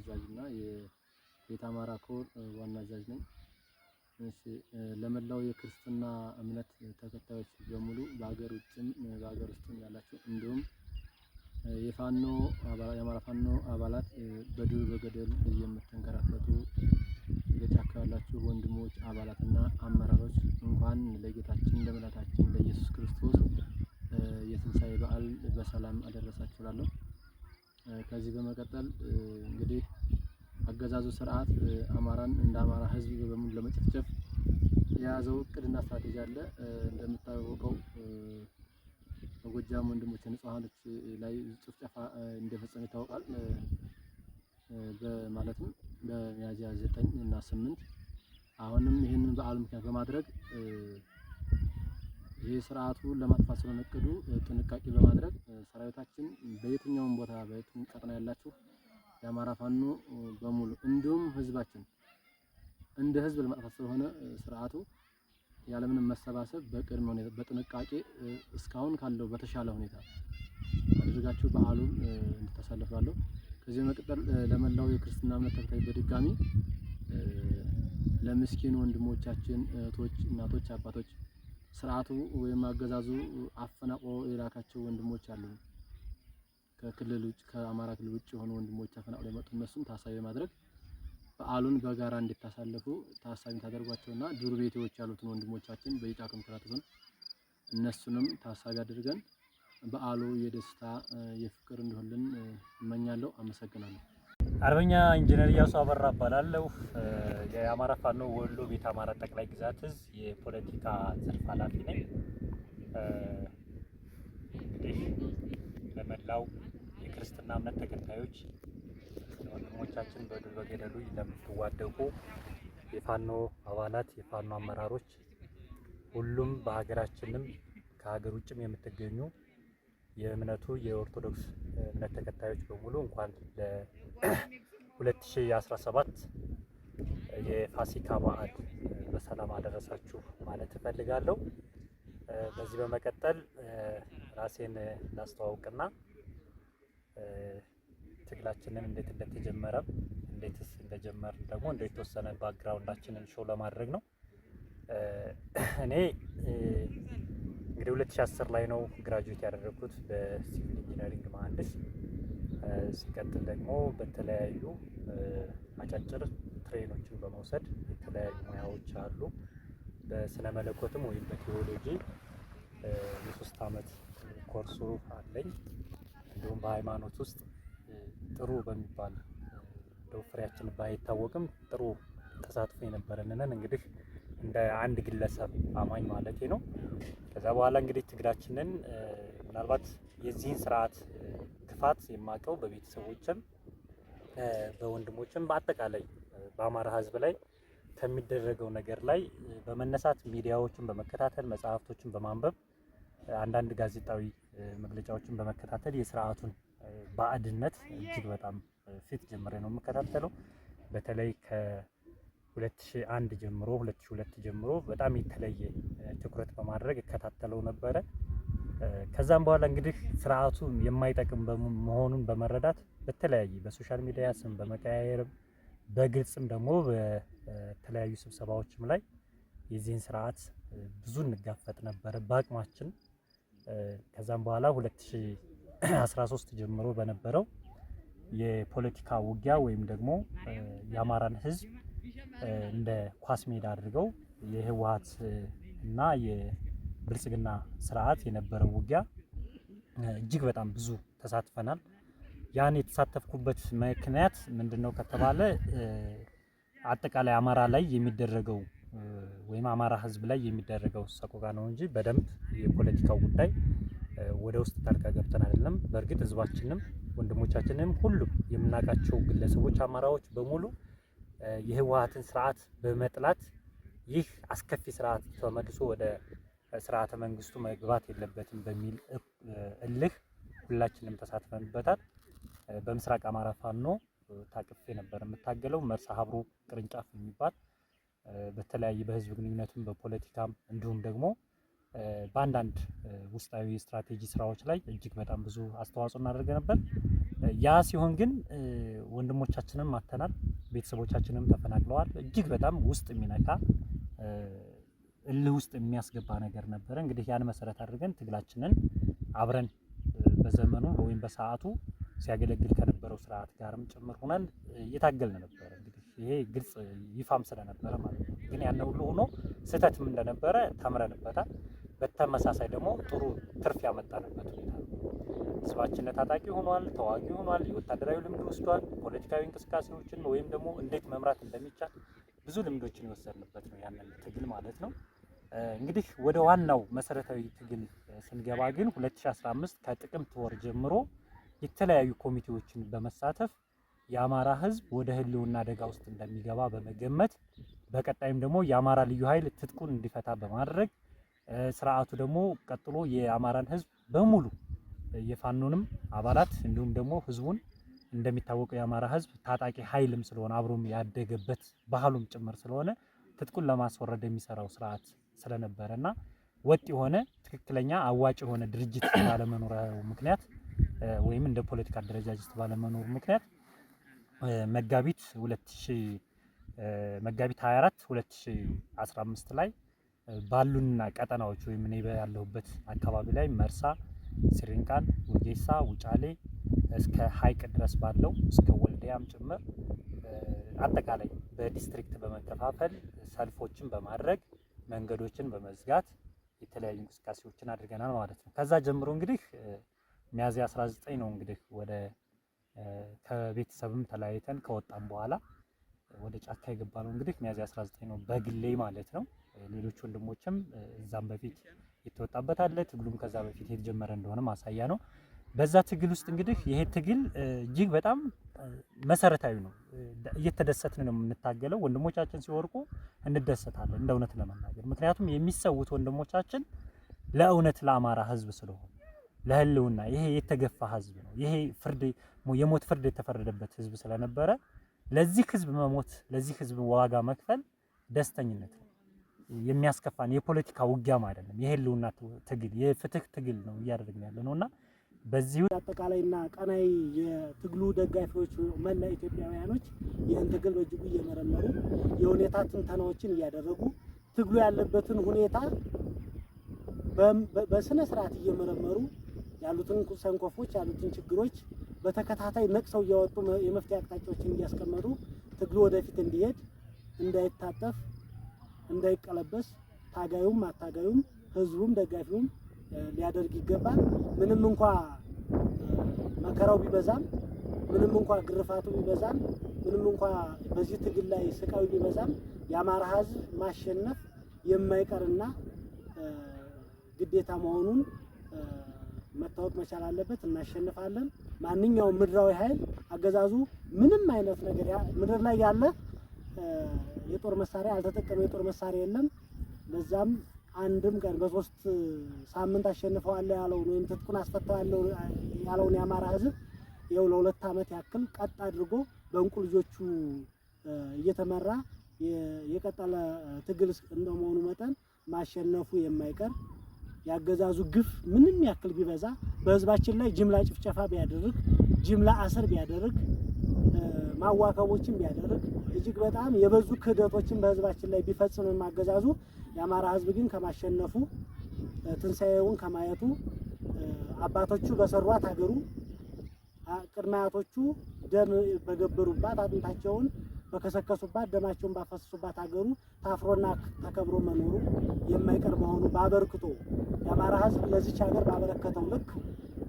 አዛዥ እና የቤተ አማራ ኮር ዋና አዛዥ ነኝ። ለመላው የክርስትና እምነት ተከታዮች በሙሉ በሀገር ውጭም በሀገር ውስጥም ያላችሁ እንዲሁም የፋኖ የአማራ ፋኖ አባላት በዱር በገደል የምትንከራተቱ በጫካ ያላችሁ ወንድሞች አባላትና አመራሮች እንኳን ለጌታችን ለመድኃኒታችን ለኢየሱስ ክርስቶስ የትንሣኤ በዓል በሰላም አደረሳችሁ እላለሁ። ከዚህ በመቀጠል እንግዲህ አገዛዙ ስርዓት አማራን እንደ አማራ ህዝብ በሙሉ ለመጨፍጨፍ የያዘው እቅድና ስትራቴጂ አለ። እንደምታወቀው በጎጃም ወንድሞች ንጹሃኖች ላይ ጭፍጨፋ እንደፈጸመ ይታወቃል። በማለትም በሚያዝያ ዘጠኝ እና ስምንት አሁንም ይህንን በዓል ምክንያት በማድረግ ይህ ስርዓቱ ለማጥፋት ስለሆነ እቅዱ ጥንቃቄ በማድረግ ሰራዊታችን በየትኛውም ቦታ በየትም ቀጠና ያላችሁ የአማራ ፋኖ በሙሉ እንዲሁም ህዝባችን እንደ ህዝብ ለማጥፋት ስለሆነ ስርዓቱ ያለምንም መሰባሰብ በቅድመ ሁኔታ በጥንቃቄ እስካሁን ካለው በተሻለ ሁኔታ አድርጋችሁ በዓሉን እንድታሳልፋለሁ። ከዚህ መቀጠል ለመላው የክርስትና እምነት ተከታይ በድጋሚ ለምስኪን ወንድሞቻችን፣ እህቶች፣ እናቶች፣ አባቶች ስርዓቱ ወይም አገዛዙ አፈናቅሎ የላካቸው ወንድሞች አሉ። ከክልል ውጭ ከአማራ ክልል ውጭ የሆኑ ወንድሞች አፈናቅሎ የመጡ እነሱም ታሳቢ በማድረግ በዓሉን በጋራ እንድታሳልፉ ታሳቢ ታደርጓቸውና ዱር ቤቴዎች ያሉትን ወንድሞቻችን በየጫካ ምክራቱን እነሱንም ታሳቢ አድርገን በዓሉ የደስታ የፍቅር እንዲሆንልን እመኛለሁ። አመሰግናለሁ። አርበኛ ኢንጂነር እያሱ አበራ እባላለሁ። የአማራ ፋኖ ወሎ ቤት አማራ ጠቅላይ ግዛት እዝ የፖለቲካ ዘርፍ ኃላፊ ነኝ። እንግዲህ ለመላው የክርስትና እምነት ተከታዮች ወንድሞቻችን በዱር በገደሉ ለምትዋደቁ የፋኖ አባላት፣ የፋኖ አመራሮች፣ ሁሉም በሀገራችንም ከሀገር ውጭም የምትገኙ የእምነቱ የኦርቶዶክስ እምነት ተከታዮች በሙሉ እንኳን ለ2017 የፋሲካ በዓል በሰላም አደረሳችሁ ማለት እፈልጋለሁ። በዚህ በመቀጠል ራሴን ላስተዋውቅና ትግላችንን እንዴት እንደተጀመረ እንዴትስ እንደጀመር ደግሞ እንደ የተወሰነ ባክግራውንዳችንን ሾው ለማድረግ ነው እኔ እንግዲህ 2010 ላይ ነው ግራጁዌት ያደረግኩት በሲቪል ኢንጂነሪንግ መሀንዲስ። ሲቀጥል ደግሞ በተለያዩ አጫጭር ትሬኖችን በመውሰድ የተለያዩ ሙያዎች አሉ። በስነ መለኮትም ወይም በቴዎሎጂ የሶስት አመት ኮርሱ አለኝ። እንዲሁም በሃይማኖት ውስጥ ጥሩ በሚባል እንደው ፍሬያችን ባይታወቅም ጥሩ ተሳትፎ የነበረን እንግዲህ እንደ አንድ ግለሰብ አማኝ ማለቴ ነው። ከዛ በኋላ እንግዲህ ትግላችንን ምናልባት የዚህን ስርዓት ክፋት የማውቀው በቤተሰቦችም በወንድሞችም በአጠቃላይ በአማራ ህዝብ ላይ ከሚደረገው ነገር ላይ በመነሳት ሚዲያዎችን በመከታተል መጽሐፍቶችን በማንበብ አንዳንድ ጋዜጣዊ መግለጫዎችን በመከታተል የስርዓቱን ባዕድነት እጅግ በጣም ፊት ጀምሬ ነው የምከታተለው። በተለይ 2001 ጀምሮ 2002 ጀምሮ በጣም የተለየ ትኩረት በማድረግ እከታተለው ነበረ። ከዛም በኋላ እንግዲህ ስርዓቱ የማይጠቅም መሆኑን በመረዳት በተለያየ በሶሻል ሚዲያ ስም በመቀያየርም በግልጽም ደግሞ በተለያዩ ስብሰባዎችም ላይ የዚህን ስርዓት ብዙ እንጋፈጥ ነበረ በአቅማችን። ከዛም በኋላ 2013 ጀምሮ በነበረው የፖለቲካ ውጊያ ወይም ደግሞ የአማራን ህዝብ። እንደ ኳስ ሜዳ አድርገው የህወሀት እና የብልጽግና ስርዓት የነበረው ውጊያ እጅግ በጣም ብዙ ተሳትፈናል። ያን የተሳተፍኩበት ምክንያት ምንድን ነው ከተባለ አጠቃላይ አማራ ላይ የሚደረገው ወይም አማራ ህዝብ ላይ የሚደረገው ሰቆቃ ነው እንጂ በደንብ የፖለቲካው ጉዳይ ወደ ውስጥ ጣልቃ ገብተን አይደለም። በእርግጥ ህዝባችንም ወንድሞቻችንም ሁሉም የምናውቃቸው ግለሰቦች፣ አማራዎች በሙሉ የህወሓትን ስርዓት በመጥላት ይህ አስከፊ ስርዓት ተመልሶ ወደ ስርዓተ መንግስቱ መግባት የለበትም በሚል እልህ ሁላችንም ተሳትፈንበታል። በምስራቅ አማራ ፋኖ ታቅፌ ነበር የምታገለው መርሳ ሀብሮ ቅርንጫፍ የሚባል በተለያየ በህዝብ ግንኙነትም በፖለቲካም እንዲሁም ደግሞ በአንዳንድ ውስጣዊ ስትራቴጂ ስራዎች ላይ እጅግ በጣም ብዙ አስተዋጽኦ እናደርገ ነበር። ያ ሲሆን ግን ወንድሞቻችንም አተናል፣ ቤተሰቦቻችንም ተፈናቅለዋል። እጅግ በጣም ውስጥ የሚነካ እልህ ውስጥ የሚያስገባ ነገር ነበረ። እንግዲህ ያን መሰረት አድርገን ትግላችንን አብረን በዘመኑ ወይም በሰዓቱ ሲያገለግል ከነበረው ስርዓት ጋርም ጭምር ሆነን እየታገልን ነበረ። እንግዲህ ይሄ ግልጽ ይፋም ስለነበረ ማለት ነው። ግን ያነ ሁሉ ሆኖ ስህተትም እንደነበረ ተምረንበታል። በተመሳሳይ ደግሞ ጥሩ ትርፍ ያመጣንበት ሁኔታ ህዝባችን ታጣቂ ሆኗል፣ ተዋጊ ሆኗል፣ የወታደራዊ ልምድ ወስዷል። ፖለቲካዊ እንቅስቃሴዎችን ወይም ደግሞ እንዴት መምራት እንደሚቻል ብዙ ልምዶችን የወሰድንበት ነው ያንን ትግል ማለት ነው። እንግዲህ ወደ ዋናው መሰረታዊ ትግል ስንገባ ግን 2015 ከጥቅምት ወር ጀምሮ የተለያዩ ኮሚቴዎችን በመሳተፍ የአማራ ህዝብ ወደ ህልውና አደጋ ውስጥ እንደሚገባ በመገመት በቀጣይም ደግሞ የአማራ ልዩ ኃይል ትጥቁን እንዲፈታ በማድረግ ስርዓቱ ደግሞ ቀጥሎ የአማራን ህዝብ በሙሉ የፋኖንም አባላት እንዲሁም ደግሞ ህዝቡን እንደሚታወቀው የአማራ ህዝብ ታጣቂ ኃይልም ስለሆነ አብሮም ያደገበት ባህሉም ጭምር ስለሆነ ትጥቁን ለማስወረድ የሚሰራው ስርዓት ስለነበረ እና ወጥ የሆነ ትክክለኛ አዋጭ የሆነ ድርጅት ባለመኖሪያው ምክንያት ወይም እንደ ፖለቲካ አደረጃጀት ባለመኖሩ ምክንያት መጋቢት 2000 መጋቢት 24 2015 ላይ ባሉና ቀጠናዎች ወይም እኔ ያለሁበት አካባቢ ላይ መርሳ ስሪንቃል፣ ውጌሳ ውጫሌ እስከ ሀይቅ ድረስ ባለው እስከ ወልዲያም ጭምር አጠቃላይ በዲስትሪክት በመከፋፈል ሰልፎችን በማድረግ መንገዶችን በመዝጋት የተለያዩ እንቅስቃሴዎችን አድርገናል ማለት ነው። ከዛ ጀምሮ እንግዲህ ሚያዝያ 19 ነው እንግዲህ ወደ ከቤተሰብም ተለያይተን ከወጣም በኋላ ወደ ጫካ የገባ ነው እንግዲህ ሚያዝያ 19 ነው በግሌ ማለት ነው። ሌሎች ወንድሞችም እዛም በፊት የተወጣበት አለ። ትግሉም ከዛ በፊት የተጀመረ እንደሆነ ማሳያ ነው። በዛ ትግል ውስጥ እንግዲህ ይሄ ትግል እጅግ በጣም መሰረታዊ ነው። እየተደሰትን ነው የምንታገለው። ወንድሞቻችን ሲወርቁ እንደሰታለን፣ እንደ እውነት ለመናገር ምክንያቱም የሚሰውት ወንድሞቻችን ለእውነት ለአማራ ህዝብ ስለሆነ ለህልውና ይሄ የተገፋ ህዝብ ነው። ይሄ ፍርድ የሞት ፍርድ የተፈረደበት ህዝብ ስለነበረ ለዚህ ህዝብ መሞት ለዚህ ህዝብ ዋጋ መክፈል ደስተኝነት ነው። የሚያስከፋን የፖለቲካ ውጊያም አይደለም፣ የህልውና ትግል የፍትህ ትግል ነው እያደረግን ያለ ነው እና በዚህ አጠቃላይና ቀናይ የትግሉ ደጋፊዎች መላ ኢትዮጵያውያኖች ይህን ትግል በእጅጉ እየመረመሩ የሁኔታ ትንተናዎችን እያደረጉ ትግሉ ያለበትን ሁኔታ በስነ ስርዓት እየመረመሩ ያሉትን ሰንኮፎች ያሉትን ችግሮች በተከታታይ ነቅሰው እያወጡ የመፍትሄ አቅጣጫዎችን እያስቀመጡ ትግሉ ወደፊት እንዲሄድ እንዳይታጠፍ እንዳይቀለበስ ታጋዩም አታጋዩም ህዝቡም ደጋፊውም ሊያደርግ ይገባል። ምንም እንኳ መከራው ቢበዛም፣ ምንም እንኳ ግርፋቱ ቢበዛም፣ ምንም እንኳ በዚህ ትግል ላይ ስቃዩ ቢበዛም የአማራ ህዝብ ማሸነፍ የማይቀርና ግዴታ መሆኑን መታወቅ መቻል አለበት። እናሸንፋለን። ማንኛውም ምድራዊ ኃይል አገዛዙ ምንም አይነት ነገር ምድር ላይ ያለ የጦር መሳሪያ አልተጠቀመ የጦር መሳሪያ የለም። በዛም አንድም ቀን በሶስት ሳምንት አሸንፈዋለሁ ያለውን ወይም ትጥቁን አስፈታዋለሁ ያለውን የአማራ ህዝብ ይኸው ለሁለት ዓመት ያክል ቀጥ አድርጎ በእንቁ ልጆቹ እየተመራ የቀጠለ ትግል እንደመሆኑ መጠን ማሸነፉ የማይቀር ያገዛዙ ግፍ ምንም ያክል ቢበዛ በህዝባችን ላይ ጅምላ ጭፍጨፋ ቢያደርግ ጅምላ አስር ቢያደርግ ማዋከቦችን ቢያደርግ እጅግ በጣም የበዙ ክህደቶችን በህዝባችን ላይ ቢፈጽም የማገዛዙ የአማራ ህዝብ ግን ከማሸነፉ ትንሣኤውን ከማየቱ አባቶቹ በሰሯት ሀገሩ ቅድማያቶቹ ደም በገበሩባት አጥንታቸውን በከሰከሱባት ደማቸውን ባፈሰሱባት ሀገሩ ታፍሮና ተከብሮ መኖሩ የማይቀር መሆኑ ባበርክቶ የአማራ ህዝብ ለዚች ሀገር ባበረከተው ልክ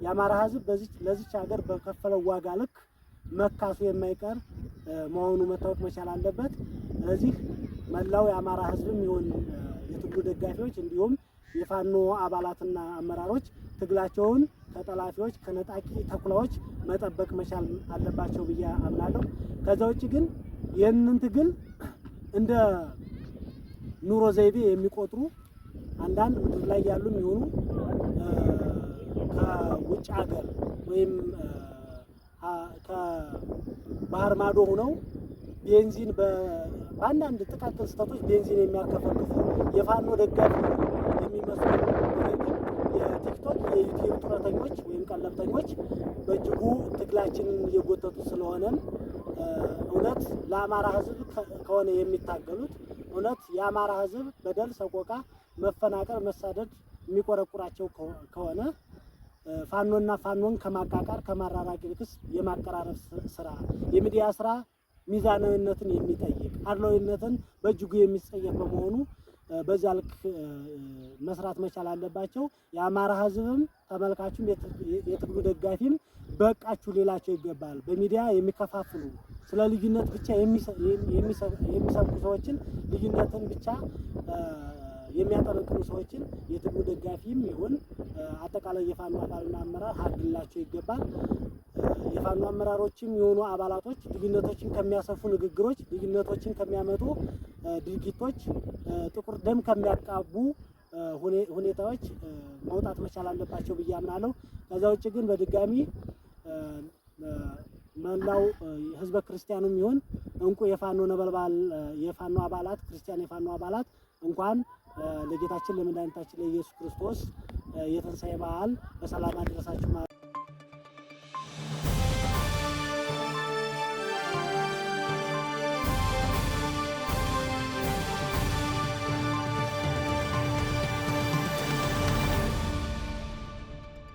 የአማራ ህዝብ ለዚች ሀገር በከፈለው ዋጋ ልክ መካሱ የማይቀር መሆኑ መታወቅ መቻል አለበት። ስለዚህ መላው የአማራ ህዝብም ይሁን የትግሉ ደጋፊዎች እንዲሁም የፋኖ አባላትና አመራሮች ትግላቸውን ከጠላፊዎች ከነጣቂ ተኩላዎች መጠበቅ መቻል አለባቸው ብዬ አምናለሁ። ከዛ ውጭ ግን ይህንን ትግል እንደ ኑሮ ዘይቤ የሚቆጥሩ አንዳንድ ምድር ላይ ያሉ የሚሆኑ ከውጭ ሀገር ወይም ከባህር ማዶ ሆነው ቤንዚን በአንዳንድ ጥቃቅን ስህተቶች ቤንዚን የሚያርከፈክፉ የፋኖ ደጋፊ የሚመስሉ የቲክቶክ የዩቲዩብ ጡረተኞች ወይም ቀለብተኞች በእጅጉ ትግላችንን እየጎተቱ ስለሆነም እውነት ለአማራ ሕዝብ ከሆነ የሚታገሉት እውነት የአማራ ሕዝብ በደል፣ ሰቆቃ፣ መፈናቀል፣ መሳደድ የሚቆረቁራቸው ከሆነ ፋኖና ፋኖን ከማቃቃር ከማራራቅ ይልቅስ የማቀራረብ ስራ የሚዲያ ስራ ሚዛናዊነትን የሚጠይቅ አድሏዊነትን በእጅጉ የሚጸየፍ በመሆኑ በዚያ ልክ መስራት መቻል አለባቸው። የአማራ ህዝብም ተመልካቹም የትግሉ ደጋፊም በቃችሁ ሌላቸው ይገባል። በሚዲያ የሚከፋፍሉ ስለ ልዩነት ብቻ የሚሰብኩ ሰዎችን ልዩነትን ብቻ የሚያጠነክሩ ሰዎችን የትግሉ ደጋፊም ይሁን አጠቃላይ የፋኖ አባልና አመራር ሀድላቸው ይገባል። የፋኖ አመራሮችም የሆኑ አባላቶች ልዩነቶችን ከሚያሰፉ ንግግሮች፣ ልዩነቶችን ከሚያመጡ ድርጊቶች፣ ጥቁር ደም ከሚያቃቡ ሁኔታዎች መውጣት መቻል አለባቸው ብዬ አምናለሁ። ከዛ ውጭ ግን በድጋሚ መላው ህዝበ ክርስቲያኑም ይሁን እንቁ የፋኖ ነበልባል የፋኖ አባላት ክርስቲያን የፋኖ አባላት እንኳን ለጌታችን ለመድኃኒታችን ለኢየሱስ ክርስቶስ የትንሣኤ በዓል በሰላም አደረሳችሁ።